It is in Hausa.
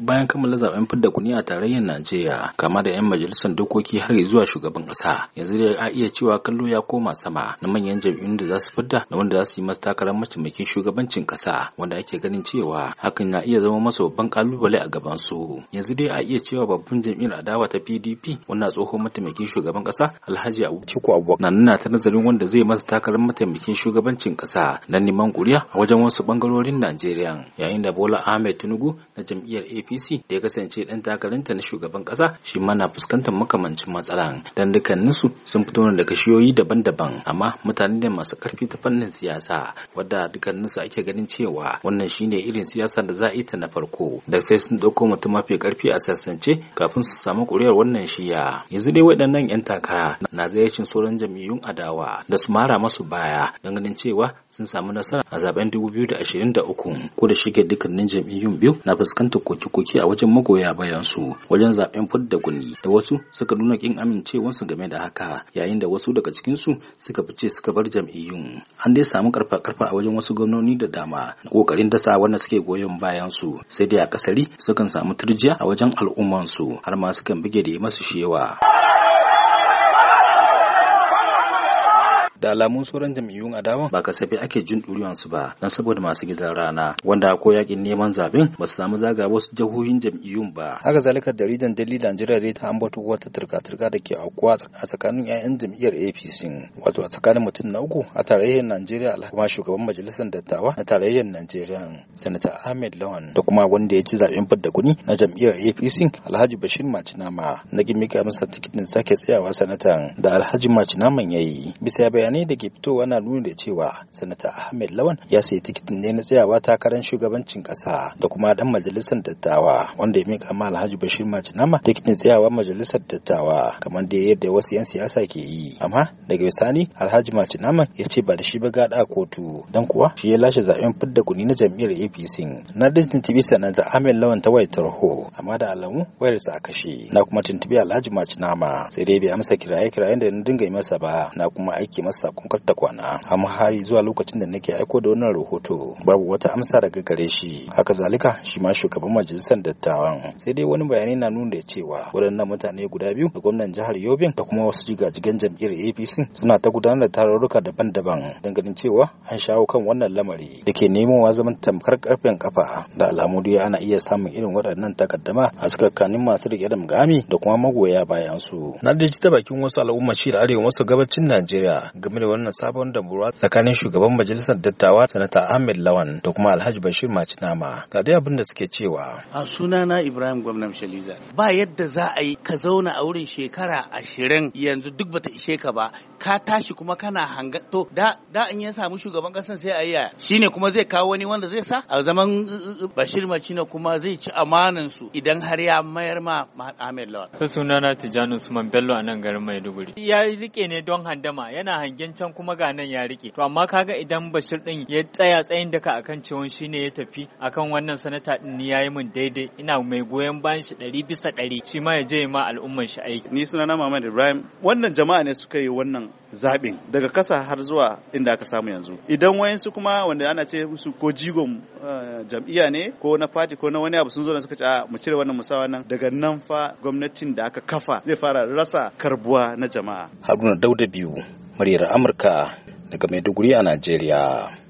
bayan kammala zaben fidda kuni a tarayyar Najeriya kama da 'yan majalisar dokoki har zuwa shugaban kasa yanzu dai a iya cewa kallo ya koma sama na manyan jam'iyyun da za su fidda da wanda za su yi masa takarar mataimakin shugabancin ƙasa wanda ake ganin cewa hakan na iya zama masa babban kalubale a gaban su yanzu dai a iya cewa babban jam'iyyar adawa ta PDP wannan tsohon mataimakin shugaban ƙasa Alhaji Atiku Abubakar na nuna ta nazarin wanda zai masa takarar mataimakin shugabancin ƙasa na neman kuriya a wajen wasu bangarorin Najeriya yayin da Bola Ahmed Tinubu na jam'iyyar AP apc da ya kasance dan takarinta na shugaban ƙasa shi ma na fuskantar makamancin matsala dan dukkaninsu sun fito ne daga shiyoyi daban-daban amma mutane da masu karfi ta fannin siyasa wadda dukkaninsu ake ganin cewa wannan shine irin siyasa da za a yi ta na farko da sai sun dauko mutum mafi karfi a sassance kafin su samu ƙuri'ar wannan shiya yanzu dai waɗannan 'yan takara na zayyacin sauran jam'iyyun adawa da su mara masu baya don ganin cewa sun samu nasara a zaben 2023 ko da shige dukkanin jam'iyyun biyu na fuskantar koke koke a wajen magoya bayan su wajen zaben da guni da wasu suka nuna kin amincewansu game da haka yayin da wasu daga cikin su suka fice suka bar jam'iyyun an dai samu karfa karfa a wajen wasu gwamnoni da dama na kokarin dasa wanda suke goyon bayan su sai dai a kasari sukan samu turjiya a wajen al'umman su har ma sukan bige da masu shewa da alamun sauran jam'iyyun adawa ba kasafi ake jin su ba don saboda masu gidan rana wanda ko yakin neman zaben ba su samu zaga wasu jihohin jam'iyyun ba haka zalika jaridan daily Najeriya dai ta ambato wata turka-turka da ke aukuwa a tsakanin 'ya'yan jam'iyyar APC wato a tsakanin mutum na uku a tarayyar Najeriya kuma shugaban majalisar dattawa na tarayyar Najeriya sanata Ahmed Lawan da kuma wanda ya ci zaben fidda kuni na jam'iyyar APC Alhaji Bashir Machinama na gimika masa tikitin sake tsayawa sanatan da Alhaji Machinaman ya yi bisa bayan bayanai da ke fitowa na nuni da cewa sanata ahmed lawan ya sayi tikitin ne na tsayawa takarar shugabancin kasa da kuma dan majalisar dattawa wanda ya mika ma alhaji bashir macinama tikitin tsayawa majalisar dattawa kamar da yadda wasu yan siyasa ke yi amma daga bisani alhaji macinama ya ce ba da shi ba gada kotu don kuwa shi ya lashe zaben fidda kuni na jam'iyyar apc na disney tv sanata ahmed lawan ta wayar tarho amma da alamu wayar sa kashe na kuma tuntubi alhaji macinama sai dai bai amsa kiraye-kirayen da na dinga yi masa ba na kuma aiki masa sakon ta kwana amma har zuwa lokacin da nake aiko da wannan rahoto babu wata amsa daga gare shi haka zalika shi ma shugaban majalisar dattawan sai dai wani bayani na nuna da cewa waɗannan mutane guda biyu da gwamnan jihar Yobin da kuma wasu jigajigan jam'iyyar APC suna ta gudanar da tarurruka daban-daban dangane ganin cewa an shawo kan wannan lamari da ke nemowa zaman tamkar karfin kafa da alamu dai ana iya samun irin waɗannan takaddama a tsakanin masu riƙe da mugami da kuma magoya bayan su na da ta bakin wasu al'umma shi da arewa masu gabacin Najeriya game da wannan sabon damuwa tsakanin shugaban majalisar dattawa sanata Ahmed Lawan da kuma Alhaji Bashir Macinama ga dai abin da suke cewa a sunana Ibrahim Gwamnan Shaliza ba yadda za a yi ka zauna a wurin shekara ashirin yanzu duk bata ishe ka ba ka tashi kuma kana hanga to da da in ya samu shugaban kasan sai a yi ya shine kuma zai kawo wani wanda zai sa a zaman uh, uh, uh, Bashir Macina kuma zai ci amanan su idan har ya mayar ma Ahmed Lawal ta sunana Tijani Usman Bello a nan garin Maiduguri ya rike ne don handama yana hangen can kuma ga nan ya rike to amma kaga idan Bashir din ya tsaya tsayin daka akan cewa shine ya tafi akan wannan sanata din ni yayi min daidai ina mai goyon bayan shi ɗari bisa ɗari shi ma ya je ma al'umman shi aiki ni sunana Muhammad Ibrahim wannan jama'a ne suka yi wannan zaɓin daga ƙasa har zuwa inda aka samu yanzu idan wayansu kuma wanda ana ce musu ko jigon eh, jam'iyya ne ko na fati ko na wani abu sun zo da suka ce a ah, mu cire wannan musawa nan daga nan fa gwamnatin da aka kafa zai fara rasa karbuwa na jama'a haruna dauda biyu muryar amurka daga maiduguri a najeriya